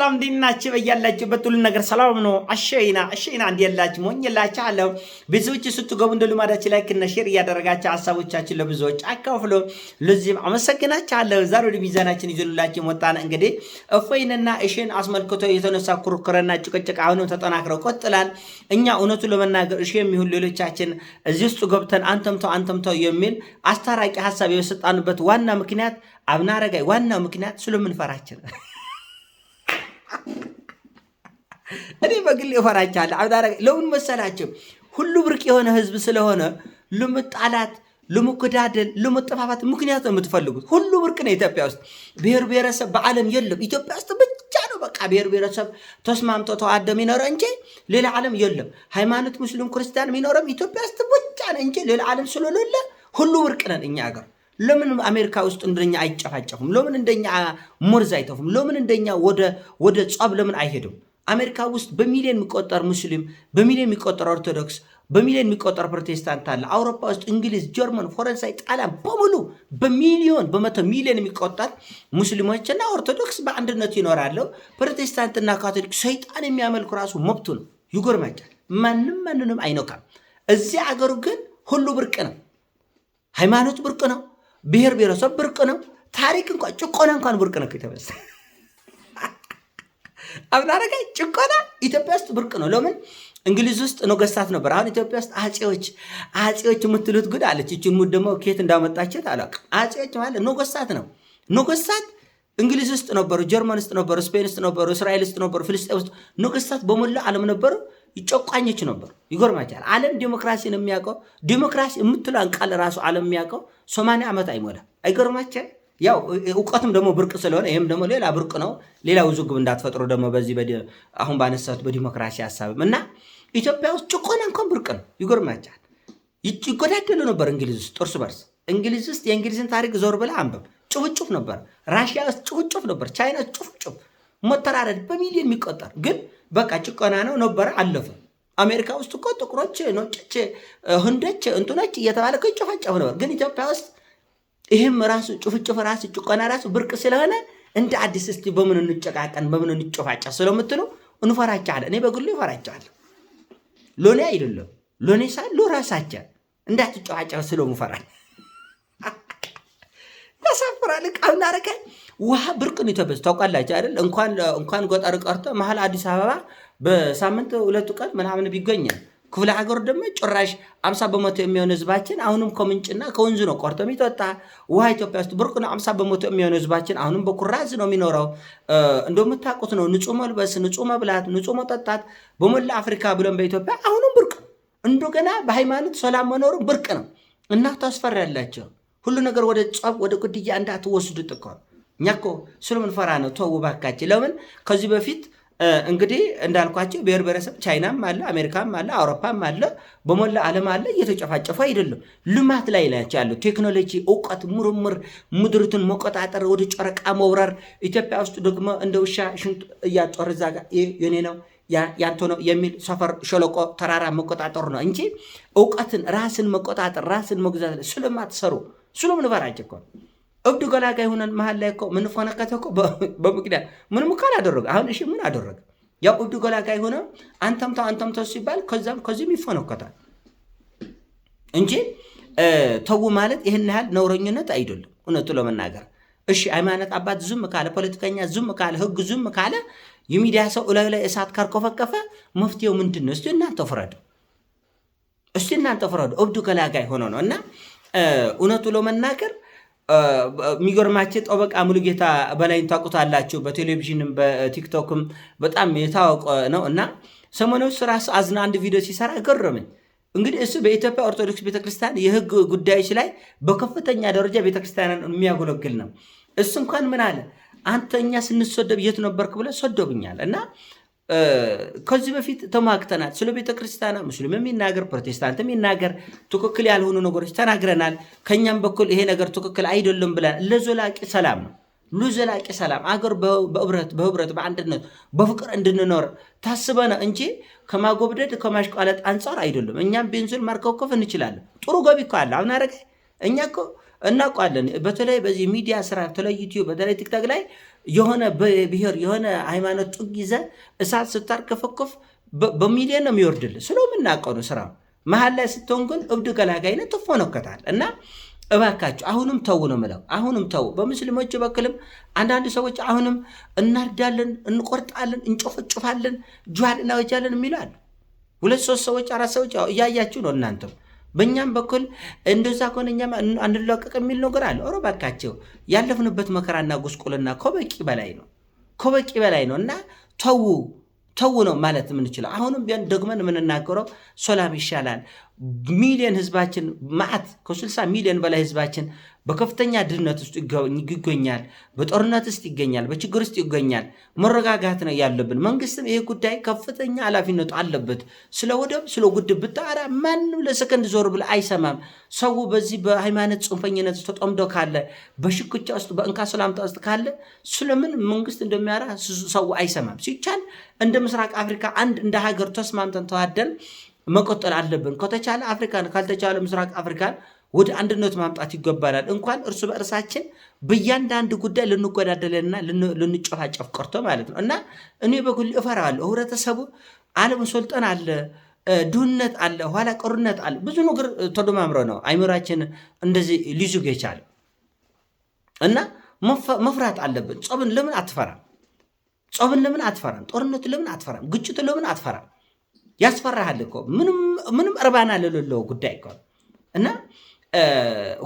ሰላም እንዲናችሁ በያላችሁበት ሁሉ ነገር ሰላም ነው። አሸይና አሸይና እንዲያላችሁ ሞኝ የላችሁ አለው። ብዙዎች ስትገቡ እንደ ልማዳች ላይክ እና ሼር እያደረጋችሁ ሀሳቦቻችን ለብዙዎች አካፍሎ ለዚህም አመሰግናችኋለሁ። ዛሬ ወደ ሚዛናችን ይዘንላችሁ ወጣን። እንግዲህ እፎይንና እሽን አስመልክቶ የተነሳ ኩርኩረና ጭቅጭቅ አሁንም ተጠናክረው ቆጥላል። እኛ እውነቱ ለመናገር እሽ የሚሆን ሌሎቻችን እዚህ ውስጥ ገብተን አንተምተው አንተምተው የሚል አስታራቂ ሀሳብ የሰጣንበት ዋና ምክንያት አብነ አረጋይ ዋናው ምክንያት ስለምንፈራችን እኔ በግል እፈራቻለሁ። አብዳራ ለምን መሰላችሁ? ሁሉ ብርቅ የሆነ ህዝብ ስለሆነ ልምጣላት ለመገዳደል፣ ለመጠፋፋት ምክንያት ነው የምትፈልጉት። ሁሉ ብርቅ ነው ኢትዮጵያ ውስጥ። ብሔር ብሔረሰብ በዓለም የለም። ኢትዮጵያ ውስጥ ብቻ ነው በቃ ብሔር ብሔረሰብ ተስማምቶ ተዋደ የሚኖረ እንጂ ሌላ ዓለም የለም። ሃይማኖት ሙስሊም ክርስቲያን የሚኖረም ኢትዮጵያ ውስጥ ብቻ ነው እንጂ ሌላ ዓለም ስለሌለ ሁሉ ብርቅ ነን እኛ ሀገር ለምን አሜሪካ ውስጥ እንደኛ አይጨፋጨፉም? ለምን እንደኛ ሙርዝ አይተፉም? ለምን እንደኛ ወደ ጸብ ለምን አይሄዱም? አሜሪካ ውስጥ በሚሊዮን የሚቆጠር ሙስሊም፣ በሚሊዮን የሚቆጠር ኦርቶዶክስ፣ በሚሊዮን የሚቆጠር ፕሮቴስታንት አለ። አውሮፓ ውስጥ እንግሊዝ፣ ጀርመን፣ ፈረንሳይ፣ ጣሊያን በሙሉ በሚሊዮን በመቶ ሚሊዮን የሚቆጠር ሙስሊሞችና ኦርቶዶክስ በአንድነት ይኖራሉ። ፕሮቴስታንትና ካቶሊክ ሰይጣን የሚያመልኩ ራሱ መብቱ ነው። ይጎርማጫል። ማንም ማንንም አይነካም። እዚህ አገሩ ግን ሁሉ ብርቅ ነው። ሃይማኖት ብርቅ ነው። ብሔር ብሔረሰብ ብርቅ ነው። ታሪክ እንኳ ጭቆና እንኳን ብርቅ ነው ኢትዮጵያ ውስጥ አብናረጋ ጭቆና ኢትዮጵያ ውስጥ ብርቅ ነው። ለምን እንግሊዝ ውስጥ ነገስታት ነበር። አሁን ኢትዮጵያ ውስጥ አጼዎች አጼዎች የምትሉት ጉድ አለች። እችን ሙድ ደግሞ ኬት እንዳመጣችት አላውቅም። አጼዎች ማለት ነገስታት ነው። ነገስታት እንግሊዝ ውስጥ ነበሩ፣ ጀርመን ውስጥ ነበሩ፣ ስፔን ውስጥ ነበሩ፣ እስራኤል ውስጥ ነበሩ፣ ፍልስጤም ውስጥ ነገስታት በሞላ ዓለም ነበሩ። ይጨቋኘች ነበሩ። ይጎርማቻል። ዓለም ዲሞክራሲን የሚያውቀው ዲሞክራሲ የምትለን ቃል ራሱ ዓለም የሚያውቀው ሰማንያ ዓመት አይሞላ። አይጎርማቻል። ያው እውቀትም ደግሞ ብርቅ ስለሆነ ይህም ደግሞ ሌላ ብርቅ ነው። ሌላ ውዝግብ እንዳትፈጥሮ ደግሞ በዚህ አሁን ባነሳት በዲሞክራሲ ሀሳብም እና ኢትዮጵያ ውስጥ ጭቆና እንኳን ብርቅ ነው። ይጎርማቻል። ይጎዳደሉ ነበር እንግሊዝ ውስጥ እርስ በርስ እንግሊዝ ውስጥ የእንግሊዝን ታሪክ ዞር ብለ አንብብ። ጭፍጭፍ ነበር። ራሽያ ውስጥ ጭፍጭፍ ነበር። ቻይና ጭፍጭፍ፣ መተራረድ በሚሊዮን የሚቆጠር ግን በቃ ጭቆና ነው ነበረ፣ አለፈ። አሜሪካ ውስጥ እኮ ጥቁሮች፣ ነጮች፣ ህንዶች፣ እንትኖች እየተባለ ይጨፈጨፍ ነበር። ግን ኢትዮጵያ ውስጥ ይህም ራሱ ጭፍጭፍ ራሱ ጭቆና ራሱ ብርቅ ስለሆነ እንደ አዲስ እስቲ በምን እንጨቃቀን በምን እንጨፋጫ ስለምትሉ እንፈራቸዋለን። እኔ በግሉ ይፈራቸዋለሁ። ሎኔ አይደለም ሎኔ ሳሉ ራሳቸ እንዳትጨፋጨፍ ስለምፈራል ያሳፍራል። ዕቃ እናረከ ውሃ ብርቅ ነው ኢትዮጵያ ታውቃላችሁ አይደል? እንኳን እንኳን ገጠር ቀርቶ መሀል አዲስ አበባ በሳምንት ሁለቱ ቀን ምናምን ቢገኛል። ክፍለ ሀገሩ ደግሞ ጭራሽ አምሳ በመቶ የሚሆን ህዝባችን አሁንም ከምንጭና ከወንዝ ነው ቆርቶ የሚጠጣ ውሃ ኢትዮጵያ ውስጥ ብርቅ ነው። አምሳ በመቶ የሚሆን ህዝባችን አሁንም በኩራዝ ነው የሚኖረው። እንደምታውቁት ነው ንጹህ መልበስ፣ ንጹህ መብላት፣ ንጹህ መጠጣት በሞላ አፍሪካ ብለን በኢትዮጵያ አሁንም ብርቅ ነው። እንደገና በሃይማኖት ሰላም መኖሩ ብርቅ ነው እናቱ አስፈሪ ያላቸው ሁሉ ነገር ወደ ጸብ፣ ወደ ግድያ እንዳትወስዱ እኮ እኛ እኮ ፈራ ነው። ተው እባካችሁ። ለምን ከዚህ በፊት እንግዲህ እንዳልኳቸው ብሔር ብሔረሰብ ቻይናም አለ፣ አሜሪካም አለ፣ አውሮፓም አለ፣ በሞላ ዓለም አለ። እየተጨፋጨፉ አይደለም፣ ልማት ላይ ናቸው ያለ ቴክኖሎጂ፣ እውቀት፣ ምርምር፣ ምድርትን መቆጣጠር፣ ወደ ጨረቃ መውረር። ኢትዮጵያ ውስጥ ደግሞ እንደ ውሻ ሽንጥ እያጦር እዛ ጋር የኔ ነው ያንተ ነው የሚል ሰፈር፣ ሸለቆ፣ ተራራ መቆጣጠር ነው እንጂ እውቀትን ራስን መቆጣጠር ራስን መግዛት ስለማትሰሩ ስሎ ምንፈራቸው እኮ እብድ ገላጋ የሆነን መሀል ላይ እኮ ምንፈነከተ እኮ በምክንያት ምንም እኮ አላደረገ። አሁን እሺ ምን አደረገ? ያው እብድ ገላጋ የሆነ አንተምተው አንተምተው ሲባል ከዛም ከዚህም ይፈነከታል እንጂ ተዉ ማለት ይህን ያህል ነውረኝነት አይደለም፣ እውነቱ ለመናገር እሺ። ሃይማኖት አባት ዝም ካለ፣ ፖለቲከኛ ዝም ካለ፣ ህግ ዝም ካለ፣ የሚዲያ ሰው እላዩ ላይ እሳት ካርከፈከፈ መፍትሄው ምንድን ነው? እስቲ እናንተ ፍረዱ፣ እስቲ እናንተ ፍረዱ። እብዱ ገላጋ ሆኖ ነው እና እውነቱ ለመናገር የሚገርማቸው ጠበቃ ሙሉጌታ በላይን ታውቁታላችሁ። በቴሌቪዥንም በቲክቶክም በጣም የታወቀ ነው እና ሰሞኑን ስራ አዝና አንድ ቪዲዮ ሲሰራ ገረመኝ። እንግዲህ እሱ በኢትዮጵያ ኦርቶዶክስ ቤተክርስቲያን የህግ ጉዳዮች ላይ በከፍተኛ ደረጃ ቤተክርስቲያንን የሚያገለግል ነው። እሱ እንኳን ምን አለ አንተ እኛ ስንሰደብ የት ነበርክ ብለ ሰደቡኛል እና ከዚህ በፊት ተሟግተናል። ስለ ቤተ ክርስቲያና ሙስሊምም ይናገር ፕሮቴስታንትም ይናገር ትክክል ያልሆኑ ነገሮች ተናግረናል። ከእኛም በኩል ይሄ ነገር ትክክል አይደለም ብለናል። ለዘላቂ ሰላም ነው ለዘላቂ ሰላም አገር በህብረት በህብረት በአንድነት በፍቅር እንድንኖር ታስበነ እንጂ ከማጎብደድ ከማሽቋለጥ አንጻር አይደለም። እኛም ቤንዚን ማርከውከፍ እንችላለን። ጥሩ ገቢ እኮ አለ። አሁን አረጋ እኛ እኮ እናውቋለን። በተለይ በዚህ ሚዲያ ስራ በተለይ ዩቲዩብ በተለይ ቲክቶክ ላይ የሆነ ብሔር የሆነ ሃይማኖት ጡግ ይዘ እሳት ስታርከፈኮፍ በሚሊዮን ነው የሚወርድልህ። ስለ የምናውቀው ነው ስራው። መሀል ላይ ስትሆን ግን እብድ ገላጋይነት ትፎነከታል። እና እባካችሁ አሁንም ተው ነው ምለው፣ አሁንም ተው። በሙስሊሞች በኩልም አንዳንድ ሰዎች አሁንም እናርዳለን፣ እንቆርጣለን፣ እንጮፈጩፋለን፣ ጁሃድ እናወጃለን የሚሉ አሉ። ሁለት ሶስት ሰዎች አራት ሰዎች እያያችሁ ነው እናንተም በእኛም በኩል እንደዛ ከሆነ እኛ አንለቀቅ የሚል ነገር አለ። ኦሮ ባካቸው ያለፍንበት መከራና ጉስቁልና ከበቂ በላይ ነው፣ ከበቂ በላይ ነው እና ተዉ ተው ነው ማለት የምንችለው። አሁንም ቢሆን ደግመን የምንናገረው ሰላም ይሻላል። ሚሊዮን ህዝባችን ማዓት ከ60 ሚሊዮን በላይ ህዝባችን በከፍተኛ ድህነት ውስጥ ይገኛል። በጦርነት ውስጥ ይገኛል። በችግር ውስጥ ይገኛል። መረጋጋት ነው ያለብን። መንግስትም ይህ ጉዳይ ከፍተኛ ኃላፊነቱ አለበት። ስለ ወደብ ስለ ግድብ ብታወራ ማንም ለሰከንድ ዞር ብለ አይሰማም። ሰው በዚህ በሃይማኖት ጽንፈኝነት ተጠምዶ ካለ፣ በሽኩቻ ውስጥ በእንካ ሰላምታ ውስጥ ካለ ስለምን መንግስት እንደሚያራ ሰው አይሰማም። ሲቻል እንደ ምስራቅ አፍሪካ አንድ እንደ ሀገር ተስማምተን ተዋደን መቆጠል አለብን። ከተቻለ አፍሪካን፣ ካልተቻለ ምስራቅ አፍሪካን ወደ አንድነት ማምጣት ይገባናል። እንኳን እርስ በእርሳችን በእያንዳንድ ጉዳይ ልንጎዳደለንና ልንጨፋጨፍ ቀርቶ ማለት ነው እና እኔ በኩል እፈራዋለሁ። ህብረተሰቡ አለመሰልጠን አለ፣ ድህነት አለ፣ ኋላ ቀርነት አለ። ብዙ ነገር ተደማምሮ ነው አይምራችን እንደዚህ ሊዙግ የቻለ እና መፍራት አለብን። ጾብን ለምን አትፈራም? ጾብን ለምን አትፈራም? ጦርነቱ ለምን አትፈራም? ግጭቱ ለምን አትፈራም? ያስፈራሃል እኮ ምንም እርባና ለሌለው ጉዳይ እኮ እና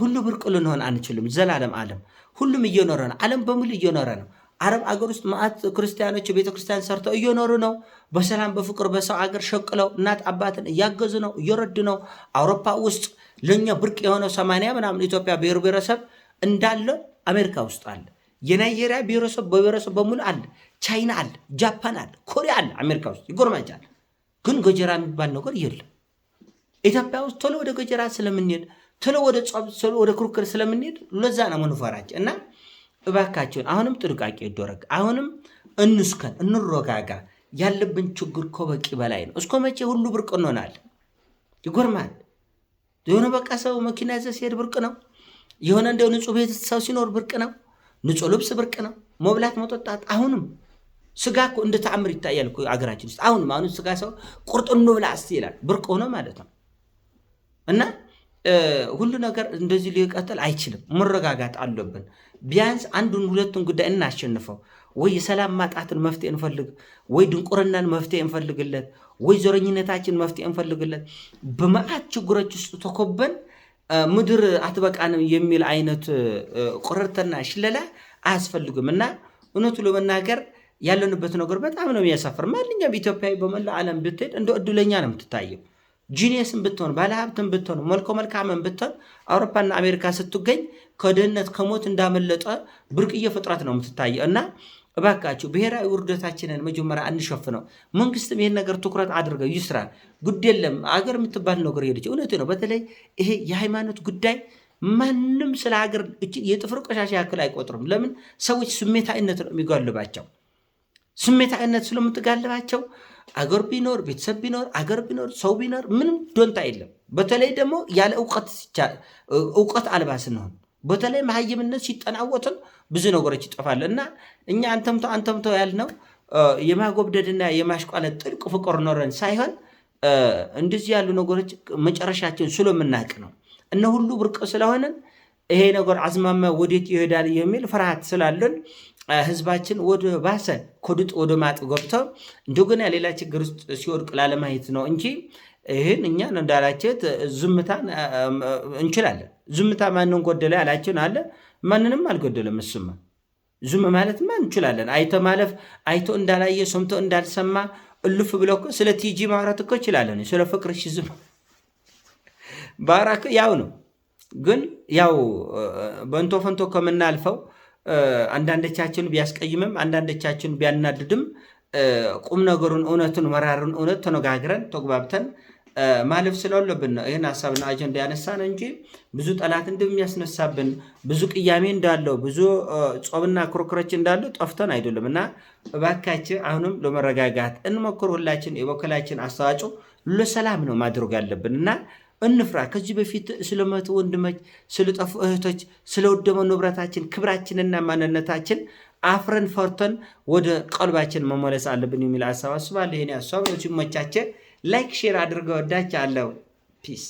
ሁሉ ብርቅ ልንሆን አንችልም። ዘላለም ዓለም ሁሉም እየኖረ ነው። ዓለም በሙሉ እየኖረ ነው። አረብ አገር ውስጥ ማዕት ክርስቲያኖች ቤተክርስቲያን ሰርተው እየኖሩ ነው። በሰላም በፍቅር በሰው አገር ሸቅለው እናት አባትን እያገዙ ነው፣ እየረዱ ነው። አውሮፓ ውስጥ ለእኛ ብርቅ የሆነው ሰማንያ ምናምን ኢትዮጵያ ብሔር ብሔረሰብ እንዳለ አሜሪካ ውስጥ አለ። የናይጄሪያ ብሔረሰብ በብሔረሰብ በሙሉ አለ። ቻይና አለ፣ ጃፓን አለ፣ ኮሪያ አለ። አሜሪካ ውስጥ ይጎርማጃል። ግን ገጀራ የሚባል ነገር የለም። ኢትዮጵያ ውስጥ ቶሎ ወደ ገጀራ ስለምንሄድ፣ ቶሎ ወደ ጸብ፣ ቶሎ ወደ ክርክር ስለምንሄድ ለዛ ነው ምንፈራጭ እና እባካቸውን አሁንም ጥንቃቄ ይደረግ። አሁንም እንስከን፣ እንረጋጋ። ያለብን ችግር ከበቂ በላይ ነው። እስከ መቼ ሁሉ ብርቅ እንሆናል? ይጎርማል። የሆነ በቃ ሰው መኪና ይዘህ ሲሄድ ብርቅ ነው። የሆነ እንደው ንጹህ ቤት ሰው ሲኖር ብርቅ ነው። ንጹህ ልብስ ብርቅ ነው። መብላት መጠጣት አሁንም ስጋ እኮ እንደ ተአምር ይታያል እኮ አገራችን ውስጥ አሁንም አሁንም ስጋ ሰው ቁርጥ ብላ እስቲ ይላል ብርቅ ሆኖ ማለት ነው። እና ሁሉ ነገር እንደዚህ ሊቀጥል አይችልም። መረጋጋት አለብን። ቢያንስ አንዱን ሁለቱን ጉዳይ እናሸንፈው። ወይ የሰላም ማጣትን መፍትሄ እንፈልግ፣ ወይ ድንቁርናን መፍትሄ እንፈልግለት፣ ወይ ዘረኝነታችን መፍትሄ እንፈልግለት። በመዓት ችግሮች ውስጥ ተኮበን ምድር አትበቃንም የሚል አይነት ቁርርትና ሽለላ አያስፈልግም እና እውነቱ ለመናገር ያለንበት ነገር በጣም ነው የሚያሳፍር። ማንኛውም ኢትዮጵያዊ በመላ ዓለም ብትሄድ እንደ እድለኛ ነው የምትታየው። ጂኒየስን ብትሆን ባለሀብትን ብትሆን መልኮ መልካምን ብትሆን አውሮፓና አሜሪካ ስትገኝ ከድህነት ከሞት እንዳመለጠ ብርቅዬ ፍጥረት ነው የምትታየው እና እባካችሁ ብሔራዊ ውርደታችንን መጀመሪያ አንሸፍነው። መንግስትም ይህን ነገር ትኩረት አድርገው ይስራል። ግድ የለም አገር የምትባል ነገር ሄደች። እውነት ነው። በተለይ ይሄ የሃይማኖት ጉዳይ ማንም ስለ ሀገር የጥፍር ቆሻሻ ያክል አይቆጥርም። ለምን ሰዎች ስሜታዊነት ነው የሚጋልባቸው። ስሜታዊነት ስለምትጋልባቸው አገር ቢኖር ቤተሰብ ቢኖር አገር ቢኖር ሰው ቢኖር ምንም ዶንታ የለም። በተለይ ደግሞ ያለ እውቀት አልባ ስንሆን በተለይ መሀይምነት ሲጠናወትን ብዙ ነገሮች ይጠፋል እና እኛ አንተምቶ አንተምቶ ያልነው የማጎብደድና የማሽቋለት ጥልቅ ፍቅር ኖረን ሳይሆን እንደዚህ ያሉ ነገሮች መጨረሻችን የምናቅ ነው። እነ ሁሉ ብርቅ ስለሆነን ይሄ ነገር አዝማማ ወዴት ይሄዳል የሚል ፍርሃት ስላለን ህዝባችን ወደ ባሰ ኮድጥ ወደ ማጥ ገብተው እንደገና ሌላ ችግር ውስጥ ሲወድቅ ላለማየት ነው እንጂ ይህን እኛን እንዳላቸት ዝምታን እንችላለን። ዝምታ ማንን ጎደለ ያላችን አለ። ማንንም አልጎደለም። እሱማ ዝም ማለትማ እንችላለን። አይቶ ማለፍ አይቶ እንዳላየ ሰምቶ እንዳልሰማ እልፍ ብሎ እኮ ስለ ቲጂ ማውራት እኮ ይችላለን። ስለ ፍቅር ዝም ባራክ ያው ነው። ግን ያው በንቶ ፈንቶ ከምናልፈው አንዳንዶቻችን ቢያስቀይምም አንዳንዶቻችን ቢያናድድም ቁም ነገሩን እውነቱን መራሩን እውነት ተነጋግረን ተግባብተን ማለፍ ስላለብን ነው ይህን ሀሳብና አጀንዳ ያነሳን እንጂ ብዙ ጠላት እንደሚያስነሳብን ብዙ ቅያሜ እንዳለው ብዙ ጾምና ክርክሮች እንዳለ ጠፍተን አይደለም እና እባካችን አሁንም ለመረጋጋት እንሞክር። ሁላችን የበኩላችን አስተዋጽኦ ለሰላም ነው ማድረግ ያለብን እና እንፍራ። ከዚህ በፊት ስለመቱ ወንድሞች፣ ስለጠፉ እህቶች፣ ስለወደመ ንብረታችን፣ ክብራችንና ማንነታችን አፍረን ፈርተን ወደ ቀልባችን መመለስ አለብን የሚል አሳብ አስባለሁ። ይህን ሀሳብ ሲሞቻቸ ላይክ ሼር አድርገው ወዳች አለው ፒስ